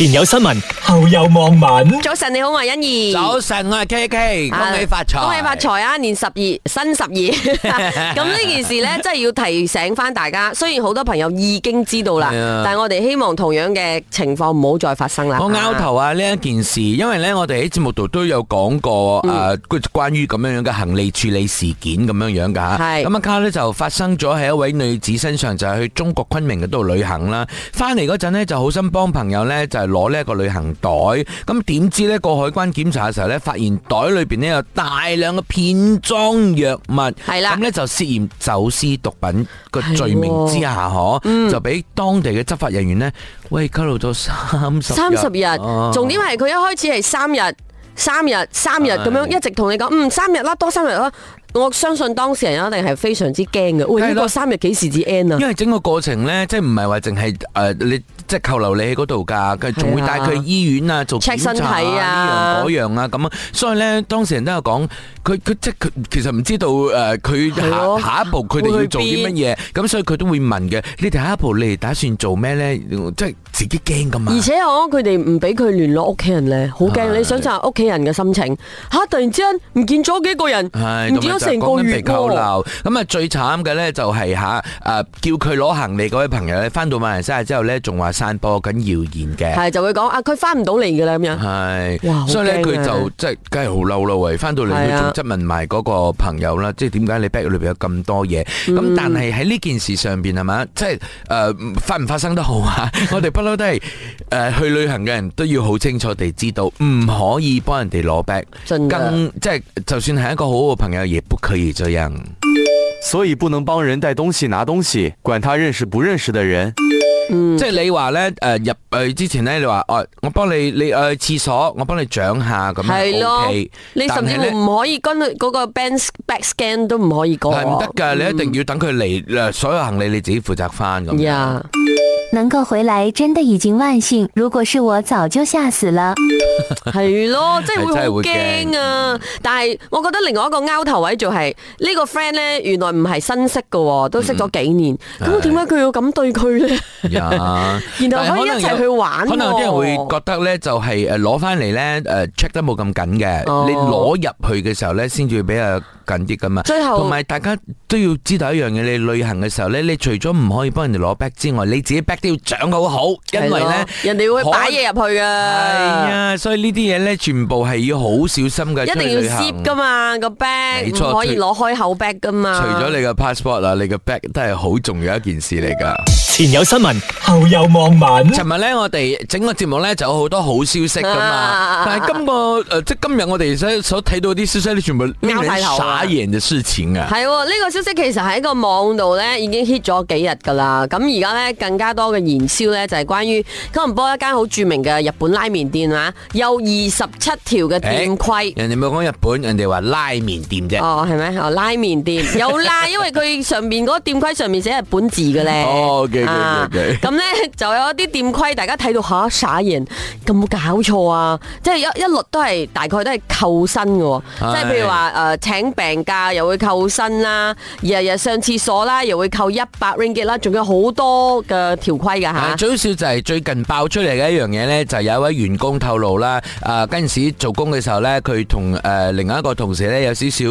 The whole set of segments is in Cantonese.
前有新聞，後有網民。早晨你好，我係欣怡。早晨，我係 K K，恭喜發財，恭喜發財啊！年十二，新十二。咁呢件事咧，真係要提醒翻大家。雖然好多朋友已經知道啦，但係我哋希望同樣嘅情況唔好再發生啦。我拗頭啊！呢一件事，因為咧，我哋喺節目度都有講過誒，關於咁樣樣嘅行李處理事件咁樣樣噶吓。係咁啊，卡咧就發生咗喺一位女子身上，就係去中國昆明嗰度旅行啦。翻嚟嗰陣咧，就好心幫朋友咧就。攞呢個旅行袋，咁點知呢過海關檢查嘅時候呢，發現袋裏邊呢有大量嘅片裝藥物，係啦，咁咧就涉嫌走私毒品個罪名之下，可就俾當地嘅執法人員呢，喂，拘留咗三十三十日，日、啊。重點係佢一開始係三日、三日、三日咁樣，一直同你講，嗯，三日啦，多三日啦。我相信當事人一定係非常之驚嘅，會、哎、呢、呢個三日幾時至 end 啊？因為整個過程咧，即係唔係話淨係誒，你即係扣留你喺嗰度噶，佢仲會帶佢去醫院啊，做 check 身體啊，呢樣嗰樣啊，咁啊。所以咧，當事人都有講，佢佢即係其實唔知道誒，佢、呃、下、哦、下一步佢哋要做啲乜嘢，咁所以佢都會問嘅。你哋下一步你哋打算做咩咧？即係。自己驚噶嘛？而且我佢哋唔俾佢聯絡屋企人咧，好驚。你想象下屋企人嘅心情，吓，突然之間唔見咗幾個人，唔見咗成個月。講緊被扣留，咁啊最慘嘅咧就係吓誒，叫佢攞行李嗰位朋友咧，翻到馬來西亞之後咧，仲話散播緊謠言嘅。係就會講啊，佢翻唔到嚟噶啦咁樣。係，所以咧佢就即係梗係好嬲啦喂。翻到嚟佢仲質問埋嗰個朋友啦，即係點解你 bag 裏邊有咁多嘢？咁但係喺呢件事上邊，係嘛，即係誒，發唔發生得好啊。我哋不嬲。都係誒，去旅行嘅人都要好清楚地知道，唔可以幫人哋攞 back，更即係就算係一個好好嘅朋友，亦不可以這樣。所以不能幫人帶東西、拿東西，管他認識不認識的人。嗯、即係你話咧誒入去、呃、之前咧，你話哦，我幫你你誒廁、呃、所，我幫你掌下咁係咯。你甚至乎唔可以跟嗰個 bags back scan 都唔可以過，係唔得噶。你一定要等佢嚟、嗯，所有行李你自己負責翻咁能夠回來真的已經萬幸，如果是我早就嚇死了。係 咯，真係會好驚啊！嗯、但係我覺得另外一個凹頭位就係、是、呢、這個 friend 咧，原來唔係新識噶，都識咗幾年。咁點解佢要咁對佢咧？Yeah, 然後可以可一齊去玩、啊，可能啲人會覺得咧，就係誒攞翻嚟咧，誒 check 得冇咁緊嘅。你攞入去嘅時候咧，先至比較緊啲噶嘛。最後同埋大家都要知道一樣嘢，你旅行嘅時候咧，你除咗唔可以幫人哋攞 back 之外，你自己 back，都要掌握好，因為咧，人哋會擺嘢入去噶。係啊，所以呢啲嘢咧，全部係要好小心嘅。一定要攝噶嘛個 back，唔可以攞開口 back 噶嘛。除咗你個 passport 啦，你個 back 都係好重要一件事嚟噶。前有新聞，後有網民。尋日咧，我哋整個節目咧就有好多好消息噶嘛。但係今個誒，即係今日我哋所所睇到啲消息咧，全部啱晒頭啊！傻眼嘅事情啊！係呢個消息其實喺個網度咧已經 hit 咗幾日噶啦。咁而家咧更加多嘅燃燒咧就係關於今日播一間好著名嘅日本拉麵店啊，有二十七條嘅店規。人哋冇講日本，人哋話拉麵店啫。哦，係咪？哦，拉麵店有啦，因為佢上面嗰店規上面寫日本字嘅咧。哦，嘅。咁 呢，嗯嗯、 就有一啲店規，大家睇到吓，撒完咁搞錯啊！即係一一律都係大概都係扣薪嘅，哎、即係譬如話誒、呃、請病假又會扣薪啦，日日上廁所啦又會扣一百 ringgit 啦，仲有好多嘅條規噶吓。最好笑就係最近爆出嚟嘅一樣嘢呢，就有一位員工透露啦，誒嗰陣時做工嘅時候呢，佢同誒另外一個同事呢，有少少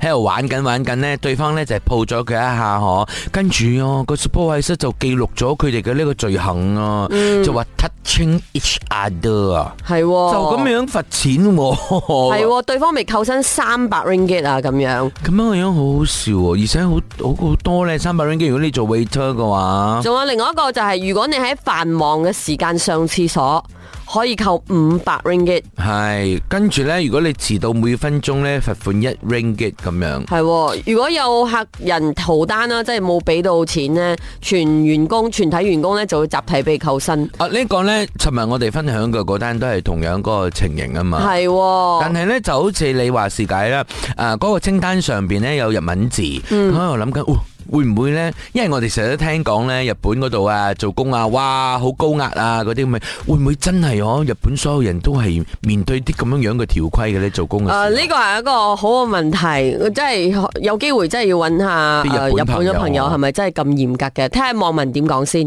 喺度玩緊玩緊呢，對方呢就抱咗佢一下嗬、啊，跟住啊個 supervisor、啊、就記錄咗佢哋嘅呢個罪行啊，嗯、就話 touching each other、哦、啊，係，就咁樣罰錢，係，對方未扣薪三百 Ringgit 啊，咁樣，咁樣個樣好好笑、啊，而且好好好多咧，三百 Ringgit 如果你做 waiter 嘅話，仲有另外一個就係、是、如果你喺繁忙嘅時間上廁所。可以扣五百 ringgit，係，跟住咧，如果你遲到每分鐘咧罰款一 ringgit 咁樣。係喎，如果有客人逃單啦，即係冇俾到錢咧，全員工全體員工咧就會集體被扣薪。啊，這個，呢個咧，尋日我哋分享嘅嗰單都係同樣嗰個情形啊嘛。係喎，但係咧就好似你話事解啦，誒、啊，嗰、那個清單上邊咧有日文字，嗯、我諗緊。哦會唔會呢？因為我哋成日都聽講呢，日本嗰度啊做工啊，哇好高壓啊，嗰啲咁嘅，會唔會真係哦、啊、日本所有人都係面對啲咁樣樣嘅條規嘅呢？做工誒、啊，呢個係一個好嘅問題，真係有機會真係要揾下日本嘅朋友係、啊、咪真係咁嚴格嘅？睇下網民點講先。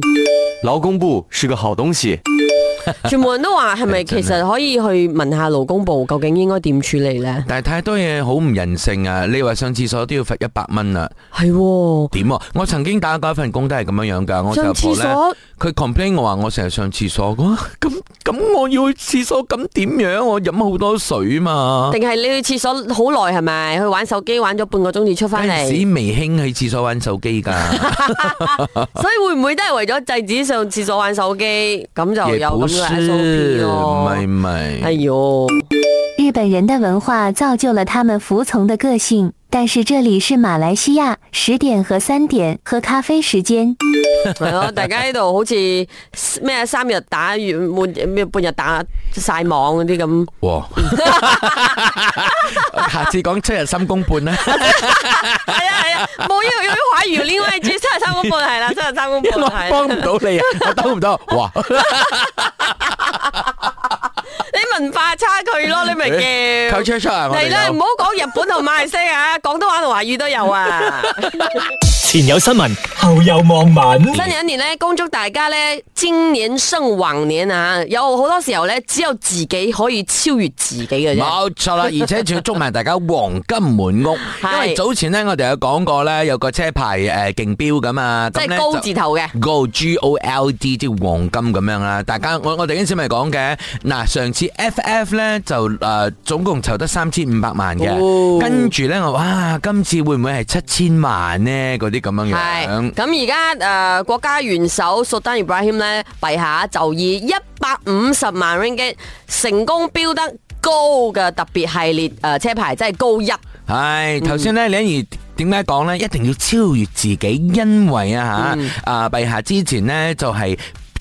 勞工部是個好東西， 全部人都話係咪？其實可以去問下勞工部，究竟應該點處理呢？但係太多嘢好唔人性啊！你話上廁所都要罰一百蚊啊？係、哦。點啊！我曾經打過一份工都係咁樣樣噶我就講咧，佢 complain 我話我成日上廁所，咁咁我，我，我要去廁所，咁點樣，樣？我飲好多水嘛。定係你去廁所好耐係咪？去玩手機玩咗半個鐘至出翻嚟。嗰陣未興喺廁所玩手機噶， 所以會唔會都係為咗制止上廁所玩手機？咁 就有咁嘅唔係唔係。哎呦。日本人的文化造就了他們服從的個性，但是這裏是馬來西亞，十點和三點喝咖啡時間。係咯，大家喺度好似咩三日打完半咩半日打晒網嗰啲咁。哇！ 下次講七日三公半啦。係啊係啊，冇要要要華語另外一句，我哋七日三公半係啦，七日三公半係。七日半 我幫唔到你啊， 我幫唔到。哇！ 文化差距咯，你咪叫嚟啦！唔好講日本同馬來西亞，啊， 廣東話同華語都有啊。 前有新聞，後有網民。新年一年咧，恭祝大家咧，今年勝往年啊！有好多時候咧，只有自己可以超越自己嘅。冇錯啦，而且仲要祝埋大家黃金滿屋。 因為早前咧，我哋有講過咧，有個車牌誒競、呃、標噶啊，即係、就是、高字頭嘅，G O L D 即係黃金咁樣啦。大家我我哋啱先咪講嘅嗱，上次 F F 咧就誒、呃、總共籌得三千五百萬嘅、哦，跟住咧我哇、啊，今次會唔會係七千萬咧？嗰啲咁樣樣，咁而家誒，國家元首蘇丹易卜拉欣咧，陛下就以一百五十萬 ringgit 成功標得 GOLD 嘅特別系列誒車牌，即係 GOLD 1。係頭先咧，李欣如點解講咧？一定要超越自己，因為啊吓，誒陛下之前咧就係。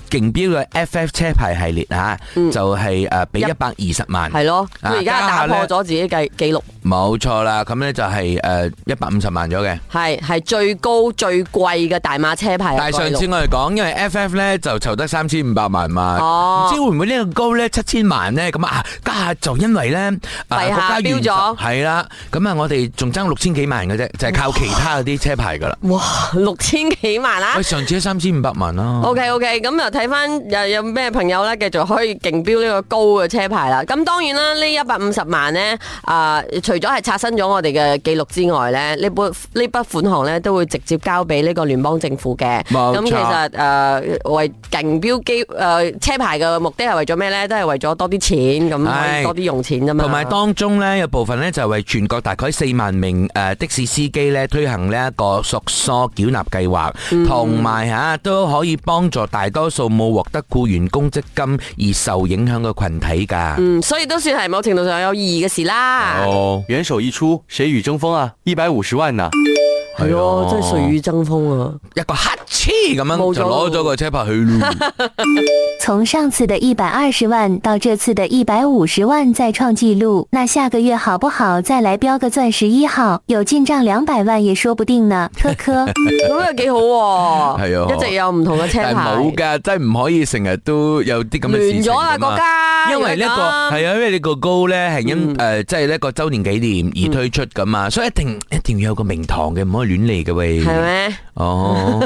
競標嘅 FF 車牌系列吓，就係誒俾一百二十萬，係咯，佢而家打破咗自己計記錄，冇錯啦。咁咧就係誒一百五十萬咗嘅，係係最高最貴嘅大馬車牌。但係上次我哋講，因為 FF 咧就籌得三千五百萬嘛，唔知會唔會呢個高咧七千萬咧咁啊？家下就因為咧國家標咗，係啦，咁啊我哋仲爭六千幾萬嘅啫，就係靠其他嗰啲車牌噶啦。哇，六千幾萬啊！喂，上次三千五百萬咯。OK OK，咁又。睇翻又有咩朋友咧，繼續可以競標呢個高嘅車牌啦。咁當然啦，呢一百五十萬咧，啊，除咗係刷新咗我哋嘅記錄之外咧，呢本呢筆款項咧都會直接交俾呢個聯邦政府嘅。冇錯。咁其實誒，為競標機誒車牌嘅目的係為咗咩咧？都係為咗多啲錢，咁多啲用錢咁樣。同埋當中咧有部分咧就係為全國大概四萬名誒的士司機咧推行呢一個索索繳納計劃，同埋嚇都可以幫助大多數。有冇獲得僱員公積金而受影響嘅群體噶？嗯，所以都算係某程度上有意義嘅事啦。哦，元首一出，誰與爭鋒啊！一百五十萬呢，啊？係、哦哦、啊，真係誰與爭鋒啊！一個乞嗤咁樣就攞咗個車牌去。從 上次的一百二十萬到這次的一百五十萬再創紀錄，那下個月好不好再來標個鑽石一號？有進賬兩百萬也說不定呢。呵呵咁又幾好喎、啊，係 啊，一直有唔同嘅車牌。冇 噶，真係唔可以成日都有啲咁嘅事情。亂咗啊，國家！因為呢個係啊，因為你、這個 GOLD、啊啊、呢，係咧係因誒，即係呢個周年紀念而推出㗎嘛、嗯。所以一定一定要有個名堂嘅，唔可以。亂嚟嘅喂，係咩？哦，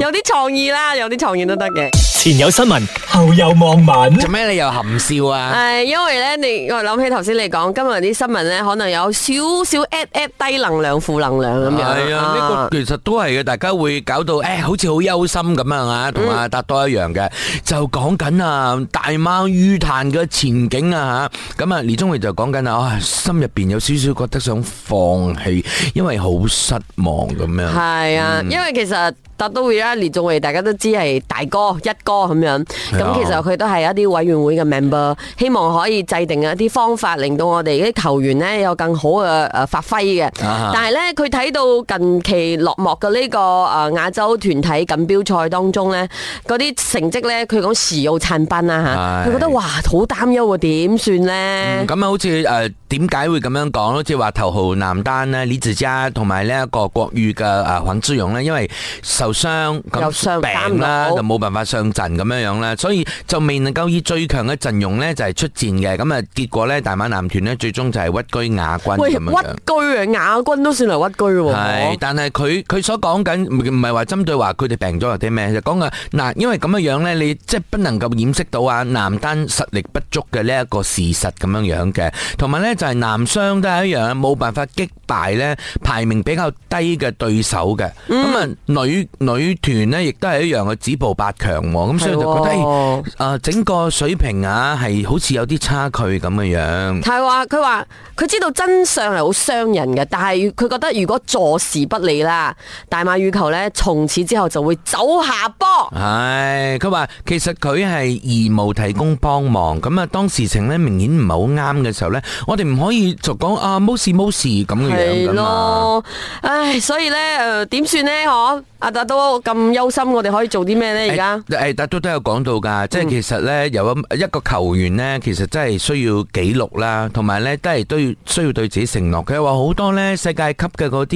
有啲創意啦，有啲創意都得嘅。前有新聞，後有網民，做咩你又含笑啊？係因為咧，你我諗起頭先你講今日啲新聞咧，可能有少少 at at 低能量、負能量咁樣。係啊，呢個其實都係嘅，大家會搞到誒，好似好憂心咁樣啊，同阿達多一樣嘅，就講緊啊大馬羽壇嘅前景啊吓，咁啊李宗偉就講緊啊，心入邊有少少覺得想放棄，因為好失望。咁樣係啊，因為其實達都瑞啦，連仲我哋大家都知係大哥一哥咁樣，咁其實佢都係一啲委員會嘅 member，希望可以制定一啲方法，令到我哋啲球員咧有更好嘅誒發揮嘅。但係咧，佢睇到近期落幕嘅呢個誒亞洲團體錦標賽當中咧，嗰啲成績咧，佢講時有慘賓啦吓，佢覺得哇好擔憂啊，點算咧？咁啊，好似誒點解會咁樣講咯？好似話頭號男單咧，李梓嘉同埋呢一個國。國羽嘅誒，黃之勇咧，因為受傷咁病啦，就冇辦法上陣咁樣樣咧，所以就未能夠以最強嘅陣容呢，就係出戰嘅。咁啊，結果呢，大馬男團呢，最終就係屈居亞軍咁樣樣。屈居啊，亞軍都算係屈居。係，但係佢佢所講緊唔係話針對話佢哋病咗或啲咩，就講緊：「嗱，因為咁樣樣呢，你即係不能夠掩飾到啊，男單實力不足嘅呢一個事實咁樣樣嘅，同埋呢，就係男雙都係一樣，冇辦法擊敗呢。排名比較低嘅對手嘅，咁、嗯、啊女女團咧，亦都係一樣嘅止步八強，咁、嗯、所以就覺得誒、哦哎呃，整個水平啊，係好似有啲差距咁嘅樣。係，話佢話佢知道真相係好傷人嘅，但係佢覺得如果坐視不理啦，大馬羽球呢，從此之後就會走下坡。係，佢話其實佢係義務提供幫忙，咁、嗯、啊當事情呢明顯唔係好啱嘅時候呢，我哋唔可以就講啊冇事冇事咁嘅樣噶哦，唉，所以咧，誒、呃，點算咧，嗬？阿達都咁憂心，我哋可以做啲咩咧？而家誒，達都都有講到㗎，即係其實咧有一一個球員咧，其實真係需要紀錄啦，同埋咧都係都要需要對自己承諾。佢話好多咧世界級嘅嗰啲誒，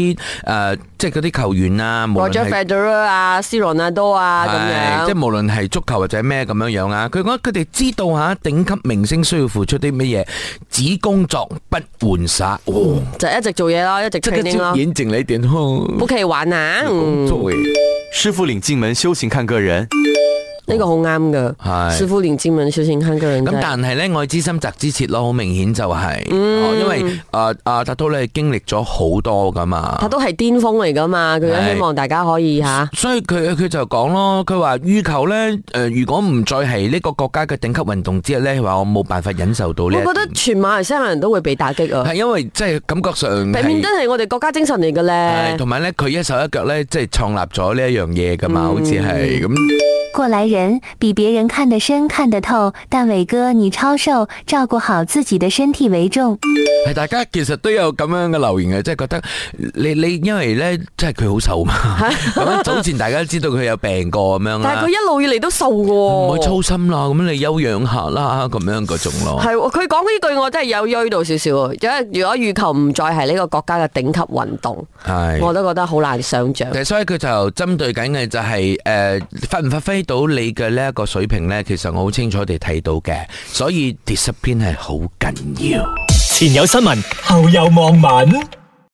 即係嗰啲球員啊，羅傑費德爾啊、C 朗啊、多啊咁樣，即係無論係足球或者咩咁樣樣啊，佢講佢哋知道吓頂級明星需要付出啲乜嘢，只工作不玩耍，就一直做嘢咯，一直出嗰啲咯，眼睛你點開？屋企玩啊，工作。師傅領進門，修行看個人。呢、這個好啱噶，師傅連志文小前香個人咁，就是，但係咧愛之深責之切咯，好明顯就係，因為誒誒，塔托咧經歷咗好多噶嘛，塔都係巔峰嚟噶嘛，佢希望大家可以吓，所以佢佢就講咯，佢話欲求咧誒、呃，如果唔再係呢個國家嘅頂級運動之後，咧，話我冇辦法忍受到咧，我覺得全馬來西亞人都會被打擊啊，係因為即係感覺上，表面真係我哋國家精神嚟嘅咧，同埋咧佢一手一腳咧即係創立咗呢一樣嘢噶嘛，嗯、好似係咁。嗯過來人比別人看得深看得透，但偉哥你超瘦，照顧好自己的身體為重。係大家其實都有咁樣嘅留言嘅，即、就、係、是、覺得你你因為咧，即係佢好瘦嘛。咁早前大家都知道佢有病過咁 樣。但係佢一路以嚟都瘦過，喔。唔好操心啦，咁你休養下啦，咁樣嗰種咯。係，佢講呢句我真係有衰到少少。因為如果羽毛球唔再係呢個國家嘅頂級運動，我都覺得好難想象。其實所以佢就針對緊嘅就係、是、誒、呃、發唔發揮。到你嘅呢一個水平呢，其實我好清楚地睇到嘅，所以 discipline 係好緊要。前有新聞，後有網民。